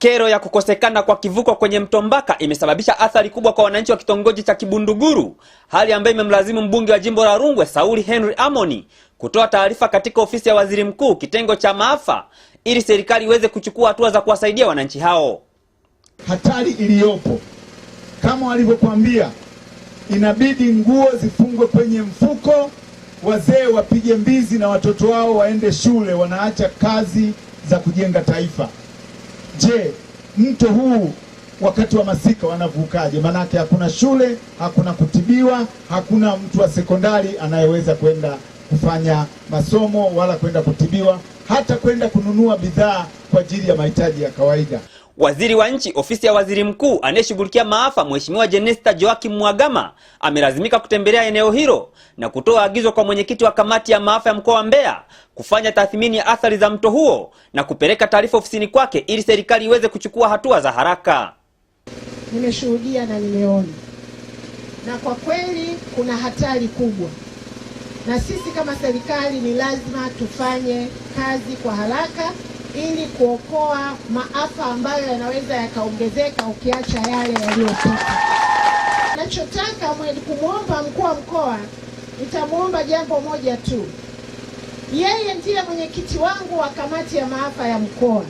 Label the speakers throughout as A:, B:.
A: Kero ya kukosekana kwa kivuko kwenye mto Mbaka imesababisha athari kubwa kwa wananchi wa kitongoji cha Kibunduguru, hali ambayo imemlazimu mbunge wa jimbo la Rungwe Sauli Henry Amoni kutoa taarifa katika ofisi ya waziri mkuu kitengo cha maafa, ili serikali iweze kuchukua hatua za kuwasaidia wananchi hao.
B: Hatari iliyopo kama walivyokuambia, inabidi nguo zifungwe kwenye mfuko, wazee wapige mbizi na watoto wao waende shule, wanaacha kazi za kujenga taifa. Je, mto huu wakati wa masika wanavukaje? Maanake hakuna shule, hakuna kutibiwa, hakuna mtu wa sekondari anayeweza kwenda kufanya masomo wala kwenda kutibiwa, hata kwenda kununua bidhaa kwa ajili ya mahitaji ya kawaida.
A: Waziri wa Nchi, Ofisi ya Waziri Mkuu anayeshughulikia maafa, Mheshimiwa Jenista Joakim mwagama amelazimika kutembelea eneo hilo na kutoa agizo kwa mwenyekiti wa kamati ya maafa ya mkoa wa Mbeya kufanya tathmini ya athari za mto huo na kupeleka taarifa ofisini kwake ili serikali iweze kuchukua hatua za haraka.
C: Nimeshuhudia na nimeona, na kwa kweli kuna hatari kubwa, na sisi kama serikali ni lazima tufanye kazi kwa haraka ili kuokoa maafa ambayo yanaweza yakaongezeka ukiacha yale yaliyopita. Nachotaka kumwomba mkuu wa mkoa, nitamwomba jambo moja tu. Yeye ndiye mwenyekiti wangu wa kamati ya maafa ya mkoa,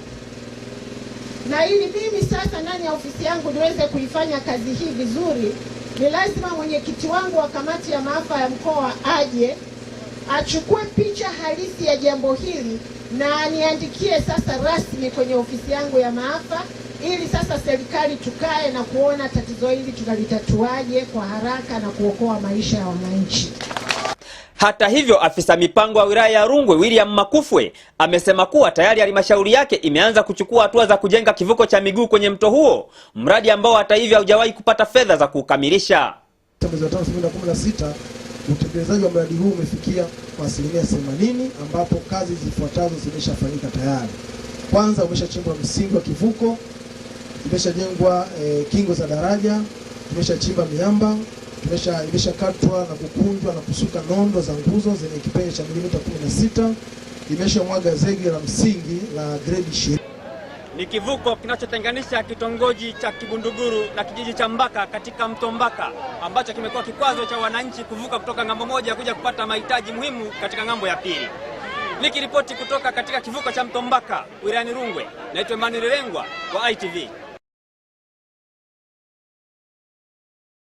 C: na ili mimi sasa ndani ya ofisi yangu niweze kuifanya kazi hii vizuri, ni lazima mwenyekiti wangu wa kamati ya maafa ya mkoa aje achukue picha halisi ya jambo hili na aniandikie sasa rasmi kwenye ofisi yangu ya maafa, ili sasa serikali tukae na kuona tatizo hili tunalitatuaje kwa haraka na kuokoa maisha ya wananchi.
A: Hata hivyo, afisa mipango wa wilaya ya Rungwe William Makufwe amesema kuwa tayari halmashauri yake imeanza kuchukua hatua za kujenga kivuko cha miguu kwenye mto huo, mradi ambao hata hivyo haujawahi kupata fedha za kuukamilisha.
D: Utekelezaji wa mradi huu umefikia kwa asilimia 80 ambapo kazi zifuatazo zimeshafanyika tayari. Kwanza, umeshachimbwa msingi wa kivuko, imeshajengwa e, kingo za daraja, tumeshachimba miamba, imeshakatwa na kukunjwa na kusuka nondo za nguzo zenye kipenyo cha milimita 16, imeshamwaga zege la msingi la grade 20
A: ni kivuko kinachotenganisha kitongoji cha Kibunduguru na kijiji cha Mbaka katika mto Mbaka ambacho kimekuwa kikwazo cha wananchi kuvuka kutoka ng'ambo moja kuja kupata mahitaji muhimu katika ng'ambo ya pili. Nikiripoti kutoka katika kivuko cha mto Mbaka wilayani Rungwe, naitwa Emmanuel Lengwa wa ITV.